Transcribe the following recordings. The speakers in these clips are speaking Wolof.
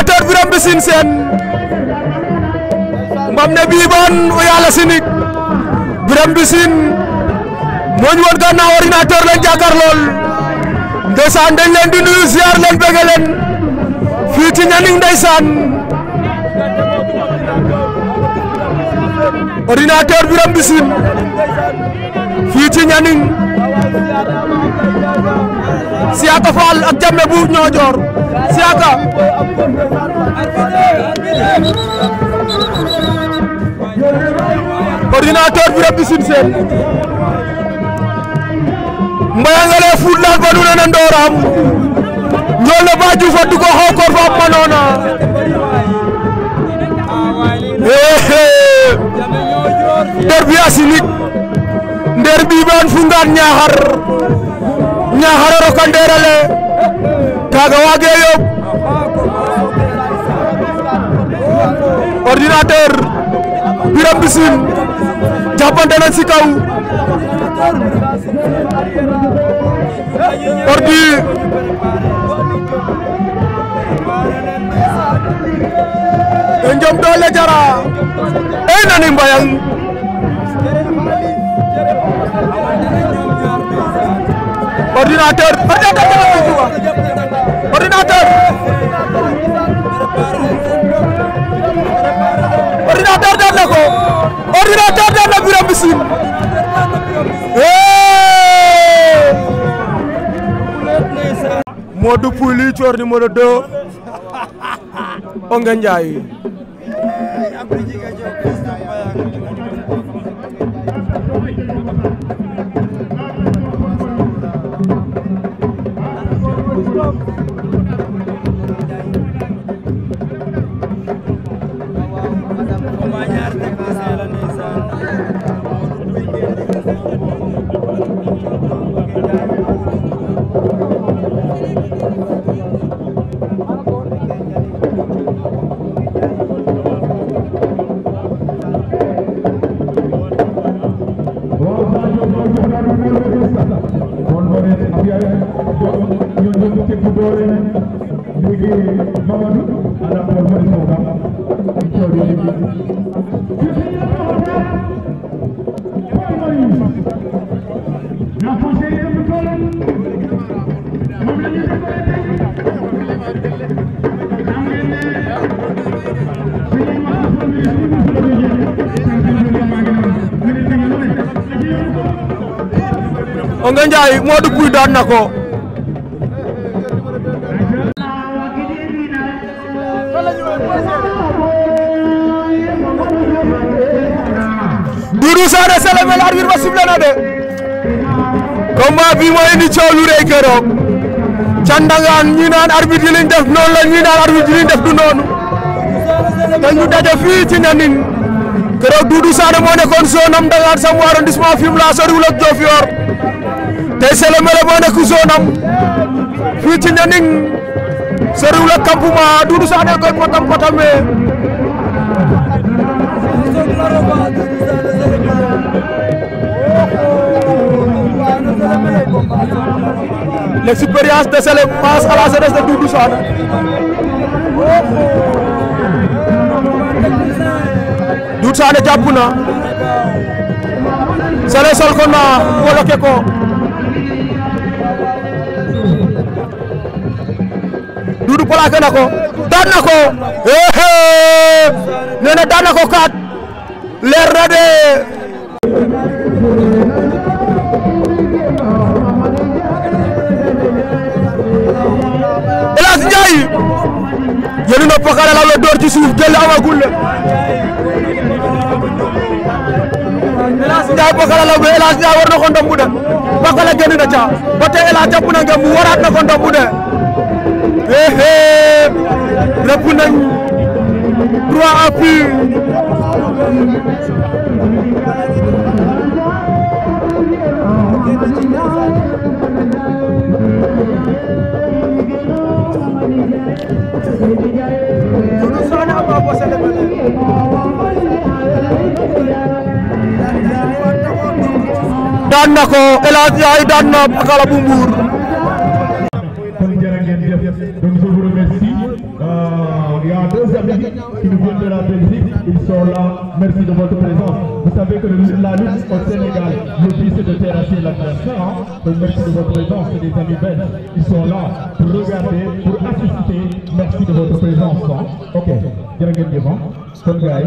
ordinateur Birame Mbissine Sene ne bii bon o sinig Birame Mbissine mooñ woon gannaaw ordinateur lañ jàkkaar lool ndeysaan dañ leen di nuyu ziar leen bëgg fii ci Nianing ndeysaan ordinateur Birame Mbissine fii ci Nianing Siaka Fall ak Jamme bu Niodior Siaka ordinateur Birame Mbissine seen mbayangale fuɗɗal banune na ndoram ñolno ba jufatdu ko xokor fa manona derbi asinik derbi ban fungan nyahar nyahar a kan nderale kaga wage yo ordinateur biram bisim japan dana si ordi e dole jara e bayang. bayang. ordinateur ordinateur ordinateur daan na ko ordinateur daan na Birame Mbissine Modou Pouye li coor numéro 2 Ongué Ndiaye Thank you. Ndiaye Modou Pouye daan na ko Doudou Sané Sélémel arbitre ba sifflé na de combat bi moo indi coow lu rëy keroog candangaan ñi naan arbitre yi liñ def noonu la ñi naan arbitre yi liñ def du noonu te ñu daje fii ci Nianing keroog Doudou Sané moo nekkoon zone am Ndangaan sam arrondissement Fimela soriwul ak Diofior tey Sélé Mélé moo nekk zone am fii ci Nianing soriwul ak campement Doudou Sané koy potam potame l'expérience de Sélé passe à la jeunesse de Doudou Sané Doudou Sané jàpp na Sélé ko na bloqué ko plaqué na ko daan na ko nee na daan na ko kaat leer na de. El Hadj Ndiaye yéen ñoo pokale la door ci suuf jël amagul la El Hadj Ndiaye pokale la El Hadj Ndiaye war na ko ndombu de pokale génn na ca ba tey El Hadj mu waraat na ko ndombu de. éhéé rëpp nañ trois appuis daan na ko El Hadj Ndiaye daan na Pakala bu Mbour Donc je vous remercie. il y a deux amis qui nous viennent de la Belgique, ils sont là. Merci de votre présence. Vous savez que le, la lutte au Sénégal, le but c'est de terrasser l'adversaire. Hein? Donc merci de votre présence, c'est des amis belges. Ils sont là pour regarder, pour assister. Merci de votre présence. Hein. Ok, bienvenue hein. devant. Comme guy.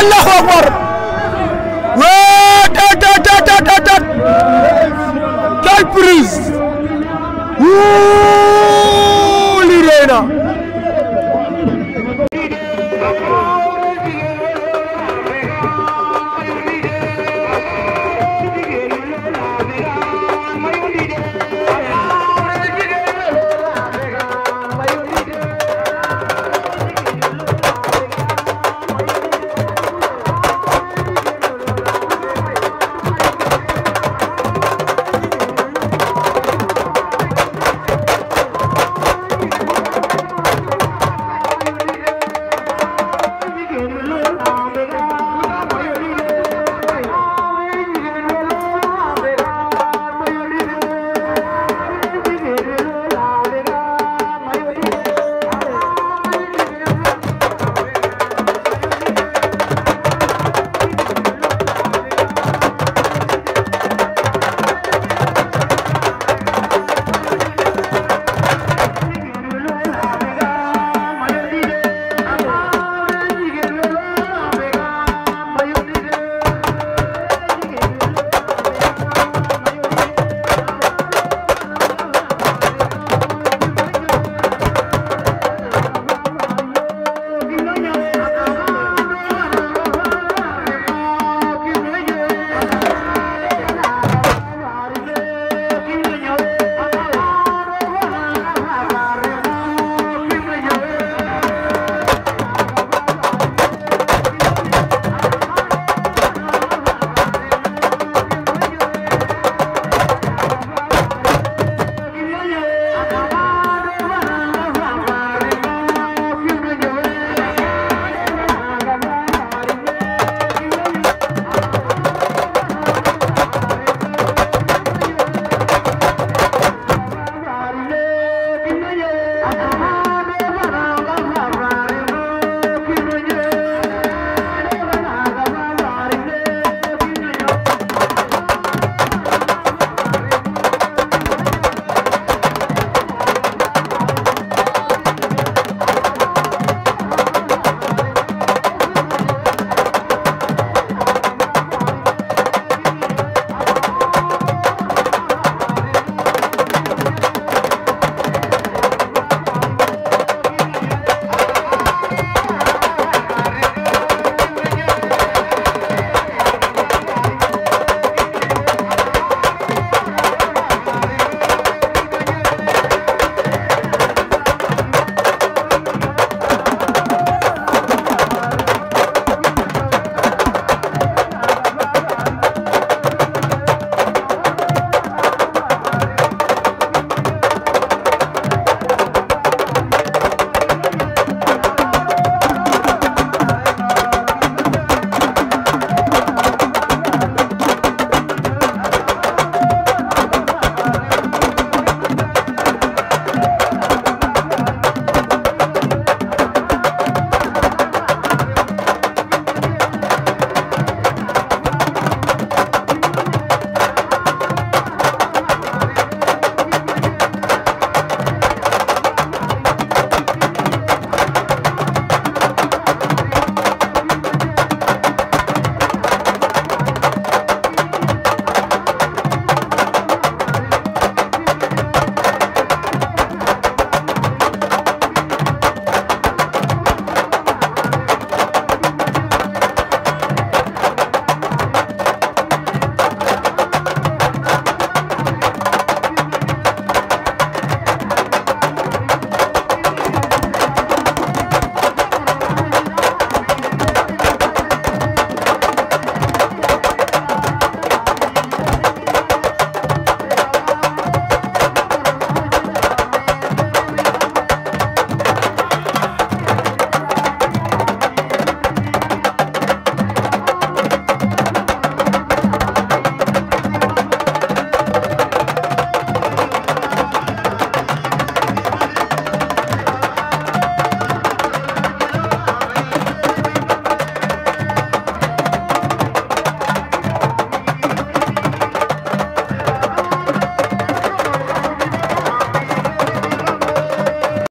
Allahu akbar wee tat tat tat tat tat tat quelle prise